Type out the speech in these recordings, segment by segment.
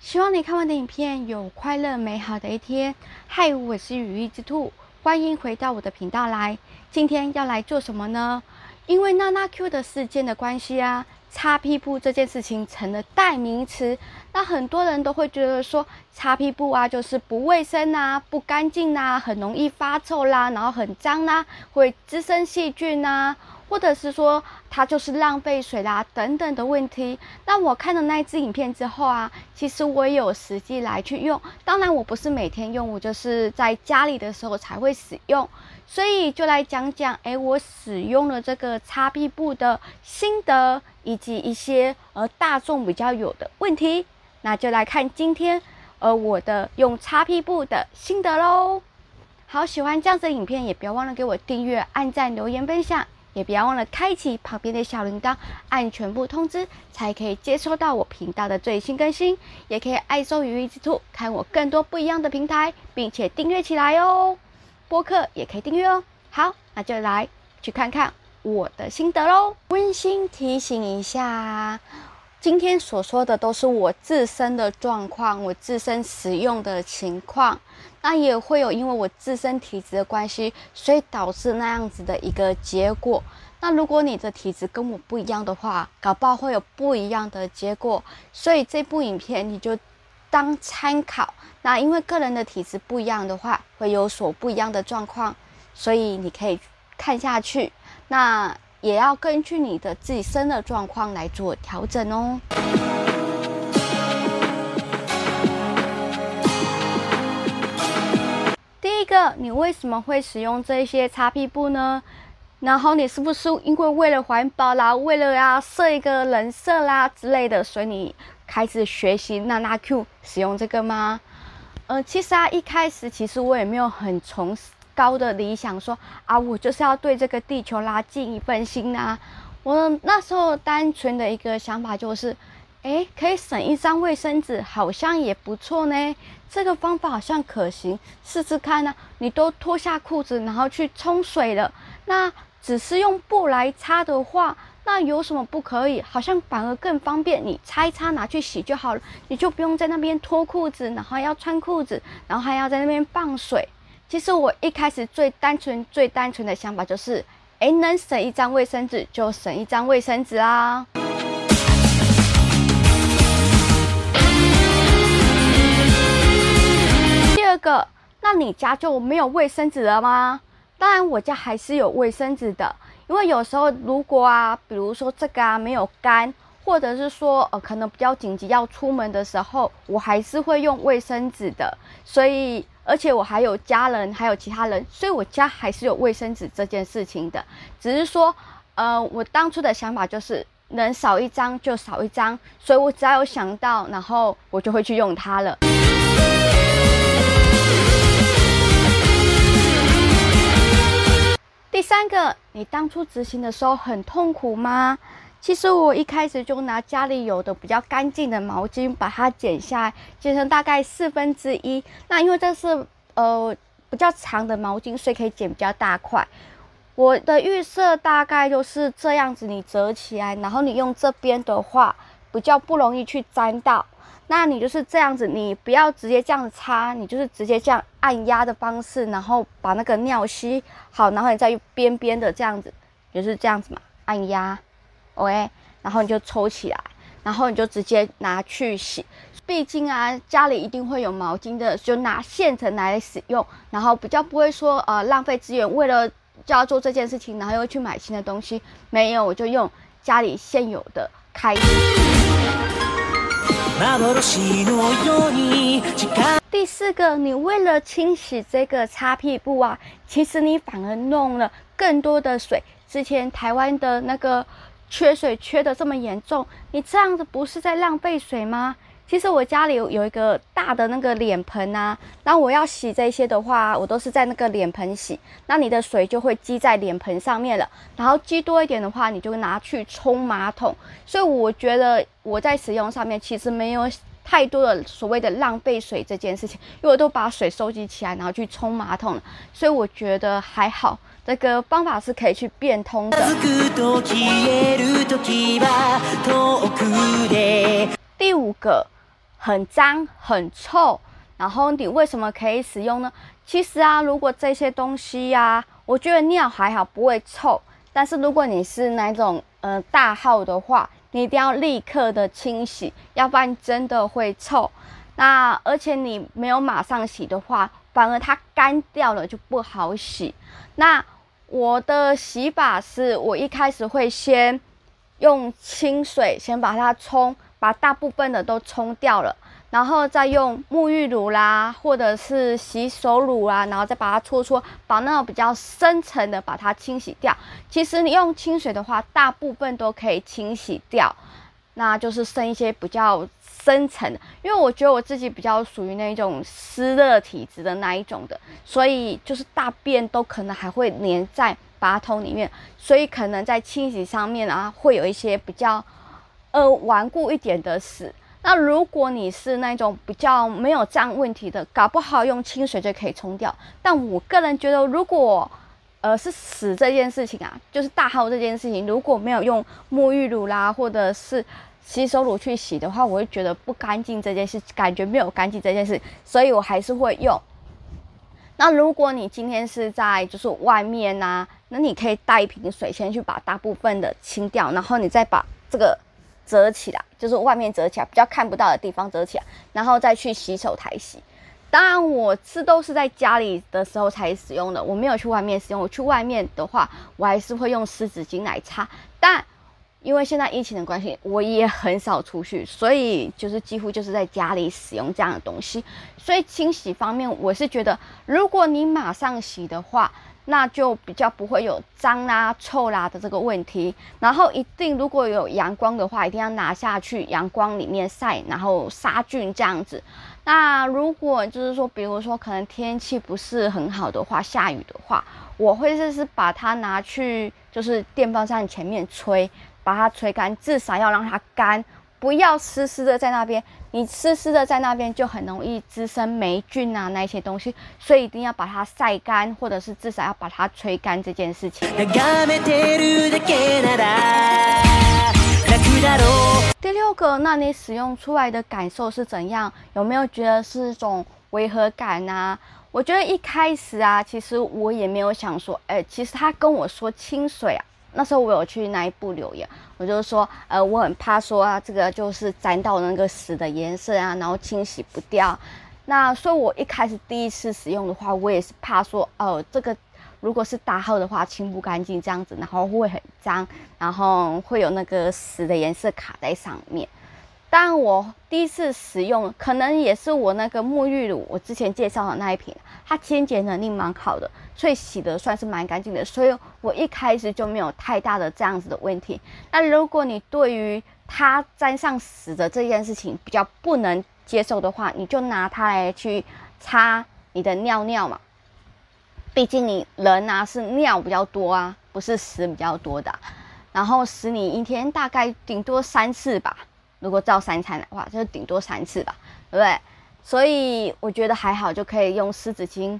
希望你看完的影片有快樂美好的一天。嗨，我是羽翼之兔，歡迎回到我的頻道來。今天要來做什麼呢？因為 NANAQ 的事件的關係啊，擦屁布這件事情成了代名詞。那很多人都會覺得說，擦屁布啊，就是不衛生啊，不乾淨啊，很容易發臭啦、啊，然後很髒啊，會滋生細菌啊。或者是說它就是浪費水啦等等的問題。那我看了那一支影片之後啊，其實我也有實際來去用。當然，我不是每天用，我就是在家裡的時候才會使用。所以就來講講，誒、欸、我使用了這個擦屁布的心得，以及一些呃大眾比較有的問題。那就來看今天呃我的用擦屁布的心得嘍。好，喜歡這樣子的影片，也不要忘了給我訂閱、按讚、留言、分享。也不要忘了開啟旁邊的小鈴鐺，按全部通知，才可以接收到我頻道的最新更新。也可以愛搜羽翼之兔，看我更多不一樣的平台，並且訂閱起來哦。播客也可以訂閱哦。好，那就來去看看我的心得嘍。溫馨提醒一下。今天所說的都是我自身的狀況，我自身使用的情況，那也會有因為我自身體質的關係，所以導致那樣子的一個結果。那如果你的體質跟我不一樣的話，搞不好會有不一樣的結果。所以這部影片你就當參考。那因為個人的體質不一樣的話，會有所不一樣的狀況，所以你可以看下去。那。也要根據你的自身的狀況來做調整哦。第一個，你為什麼會使用這些擦屁布呢？然後你是不是因為為了環保啦，為了要設一個人設啦之類的，所以你開始學習娜娜 Q 使用這個嗎？呃，其實啊，一開始其實我也沒有很重視。高的理想說啊，我就是要對這個地球拉近一份心吶、啊。我那時候單純的一個想法就是，誒、欸，可以省一張衛生紙，好像也不錯呢。這個方法好像可行，試試看呢、啊。你都脫下褲子，然後去沖水了。那只是用布來擦的話，那有什麼不可以？好像反而更方便。你擦一擦，拿去洗就好了，你就不用在那邊脫褲子，然後要穿褲子，然後還要在那邊放水。其實我一開始最單純、最單純的想法就是，誒，能省一張衛生紙就省一張衛生紙啊。第二個，那你家就沒有衛生紙了嗎？當然，我家還是有衛生紙的，因為有時候如果啊，比如說這個啊，沒有乾，或者是說，呃，可能比較緊急要出門的時候，我還是會用衛生紙的，所以。而且我還有家人，還有其他人，所以我家還是有衛生紙這件事情的。只是說，呃，我當初的想法就是能少一張就少一張，所以我只要有想到，然後我就會去用它了。第三個，你當初執行的時候很痛苦嗎？其實我一開始就拿家裡有的比較乾淨的毛巾，把它剪下來，剪成大概四分之一。那因為這是呃比較長的毛巾，所以可以剪比較大塊。我的預設大概就是這樣子，你折起來，然後你用這邊的話比較不容易去沾到。那你就是這樣子，你不要直接這樣擦，你就是直接這樣按壓的方式，然後把那個尿吸好，然後你再用邊邊的這樣子，也、就是這樣子嘛，按壓。O、oh yeah, 然後你就抽起來，然後你就直接拿去洗。畢竟啊，家裡一定會有毛巾的，就拿現成來使用，然後比較不會說呃浪費資源。為了就要做這件事情，然後又去買新的東西，沒有，我就用家裡現有的開。 第四個，你為了清洗這個擦屁布啊，其實你反而弄了更多的水。之前台灣的那個。缺水缺得這麼嚴重，你這樣子不是在浪費水嗎？其實我家裡有一個大的那個臉盆啊，那我要洗這些的話，我都是在那個臉盆洗，那你的水就會積在臉盆上面了。然後積多一點的話，你就拿去沖馬桶。所以我覺得我在使用上面其實沒有太多的所謂的浪費水這件事情，因為我都把水收集起來，然後去沖馬桶了，所以我覺得還好。這個方法是可以去變通的。第五個，很髒很臭，然後你為什麼可以使用呢？其實啊，如果這些東西呀、啊，我覺得尿還好不會臭，但是如果你是那種呃大號的話，你一定要立刻的清洗，要不然真的會臭。那而且你沒有馬上洗的話，反而它乾掉了就不好洗。那我的洗法是我一開始會先用清水先把它沖，把大部分的都沖掉了，然後再用沐浴乳啦，或者是洗手乳啦，然後再把它搓搓，把那種比較深層的把它清洗掉。其實你用清水的話，大部分都可以清洗掉。那就是生一些比較深層，因為我覺得我自己比較屬於那種濕熱體質的那一種的，所以就是大便都可能還會粘在馬桶裡面，所以可能在清洗上面啊，會有一些比較呃頑固一點的屎。那如果你是那種比較沒有髒問題的，搞不好用清水就可以沖掉。但我個人覺得，如果呃，是屎這件事情啊，就是大號這件事情，如果沒有用沐浴乳啦，或者是洗手乳去洗的話，我會覺得不乾淨這件事，感覺沒有乾淨這件事，所以我還是會用。那如果你今天是在就是外面吶、啊，那你可以帶一瓶水，先去把大部分的清掉，然後你再把這個折起來，就是外面折起來，比較看不到的地方折起來，然後再去洗手台洗。當然，我這都是在家裡的時候才使用的，我沒有去外面使用。我去外面的話，我還是會用濕紙巾來擦。但因為現在疫情的關係，我也很少出去，所以就是幾乎就是在家裡使用這樣的東西。所以清洗方面，我是覺得，如果你馬上洗的話，那就比較不會有髒啦、啊、臭啦、啊、的這個問題。然後一定如果有陽光的話，一定要拿下去陽光裡面曬，然後殺菌這樣子。那如果就是說，比如說可能天氣不是很好的話，下雨的話，我會就是把它拿去，就是電風扇前面吹，把它吹乾，至少要讓它乾，不要濕濕的在那邊。你濕濕的在那邊就很容易滋生霉菌啊，那些東西，所以一定要把它曬乾，或者是至少要把它吹乾這件事情。第六個，那你使用出來的感受是怎樣？有沒有覺得是一種違和感啊？我覺得一開始啊，其實我也沒有想說，哎，其實他跟我說清水啊，那時候我有去那一部留言，我就說，呃，我很怕說啊，這個就是沾到那個屎的顏色啊，然後清洗不掉。那所以，我一開始第一次使用的話，我也是怕說，哦、呃，這個。如果是大號的話，清不乾淨，這樣子，然後會很髒，然後會有那個屎的顏色卡在上面。但我第一次使用，可能也是我那個沐浴乳，我之前介紹的那一瓶，它清潔能力蠻好的，所以洗得算是蠻乾淨的，所以我一開始就沒有太大的這樣子的問題。那如果你對於它沾上屎的這件事情比較不能接受的話，你就拿它來去擦你的尿尿嘛。畢竟你人啊，是尿比較多啊，不是屎比較多的啊。然後屎你一天大概頂多三次吧，如果照三餐的話，就頂多三次吧，對不對？所以我覺得還好，就可以用濕紙巾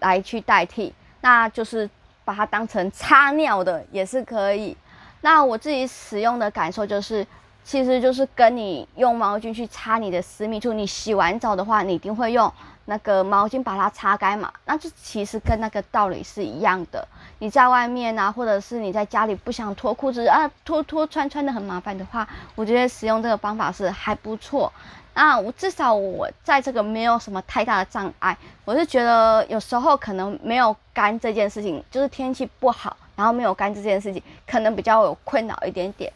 來去代替，那就是把它當成擦尿的也是可以。那我自己使用的感受就是，其實就是跟你用毛巾去擦你的私密處，你洗完澡的話，你一定會用。那個毛巾把它擦乾嘛，那就其實跟那個道理是一樣的。你在外面啊，或者是你在家裡不想脫褲子啊，脫脫穿穿的很麻煩的話，我覺得使用這個方法是還不錯。那我至少我在這個沒有什麼太大的障礙。我是覺得有時候可能沒有乾這件事情，就是天氣不好，然後沒有乾這件事情，可能比較有困擾一點點。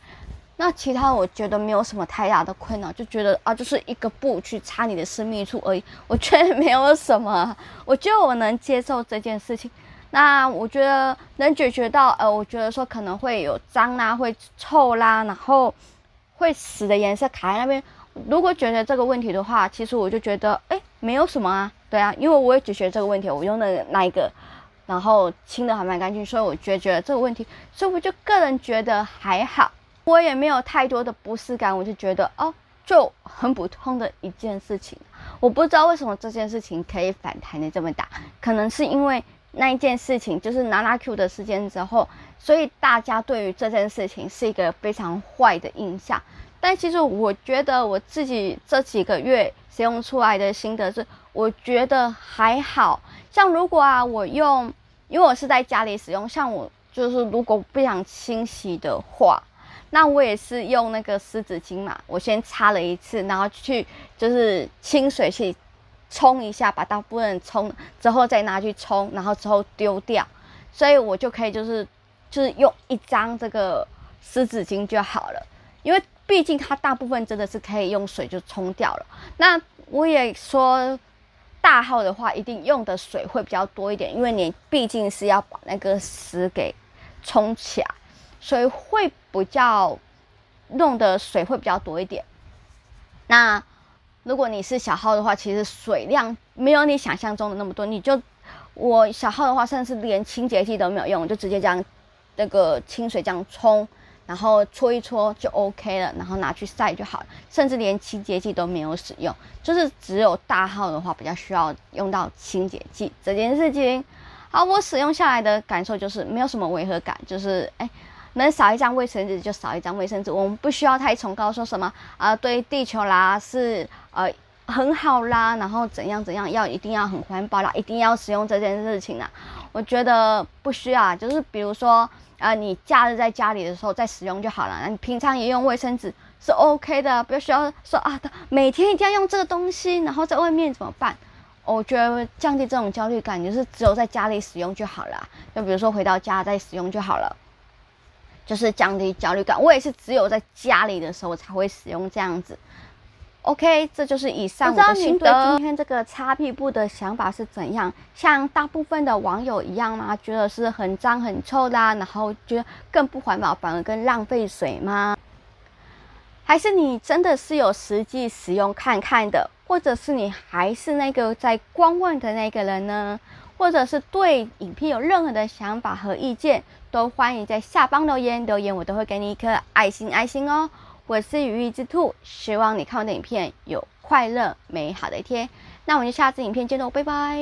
那其他我覺得沒有什麼太大的困擾，就覺得啊，就是一個布去擦你的私密處而已，我覺得沒有什麼，我覺得我能接受這件事情。那我覺得能解決到呃，我覺得說可能會有髒啦、啊，會臭啦、啊，然後會死的顏色卡在那邊。如果解決這個問題的話，其實我就覺得哎，沒有什麼啊，對啊，因為我也解決這個問題，我用的那一個，然後清的還蠻乾淨，所以我覺得這個問題，所以我就個人覺得還好。我也沒有太多的不適感，我就覺得哦，就很普通的一件事情。我不知道為什麼這件事情可以反彈的這麼大，可能是因為那一件事情就是拿拉 Q 的事件之後，所以大家對於這件事情是一個非常壞的印象。但其實我覺得我自己這幾個月使用出來的心得是，我覺得還好像如果啊，我用，因為我是在家裡使用，像我就是如果不想清洗的話。那我也是用那個濕紙巾嘛，我先擦了一次，然後去就是清水去沖一下，把大部分沖之後再拿去沖，然後之後丟掉，所以我就可以就是就是用一張這個濕紙巾就好了，因為畢竟它大部分真的是可以用水就沖掉了。那我也說大號的話，一定用的水會比較多一點，因為你畢竟是要把那個屎給沖起來。水會比較弄的水會比較多一點。那如果你是小號的話，其實水量沒有你想象中的那麼多。你就我小號的話，甚至是連清潔劑都沒有用，我就直接這樣那個清水這樣沖，然後搓一搓就 OK 了，然後拿去曬就好，甚至連清潔劑都沒有使用，就是只有大號的話比較需要用到清潔劑這件事情。好，我使用下來的感受就是沒有什麼違和感，就是哎。誒能少一張衛生紙就少一張衛生紙，我們不需要太崇高，說什麼啊、呃，對地球啦是呃很好啦，然後怎樣怎樣，要一定要很環保啦，一定要使用這件事情啦。我覺得不需要。啊，就是比如說啊、呃，你假日在家裡的時候再使用就好了，你平常也用衛生紙是 OK 的，不要需要說啊，每天一定要用這個東西，然後在外面怎麼辦？我覺得降低這種焦慮感，就是只有在家裡使用就好了。就比如說回到家再使用就好了。就是降低焦慮感，我也是只有在家裡的時候才會使用這樣子。OK，這就是以上我的心得。不知道你對今天這個擦屁布的想法是怎樣？像大部分的網友一樣嗎？覺得是很髒很臭啦、啊，然後覺得更不環保，反而更浪費水嗎？還是你真的是有實際使用看看的，或者是你還是那個在觀望的那個人呢？或者是對影片有任何的想法和意見，都歡迎在下方留言，留言我都會給你一顆愛心，愛心哦。我是羽翼之兔，希望你看完的影片有快樂美好的一天。那我們就下次影片見嘍，拜拜。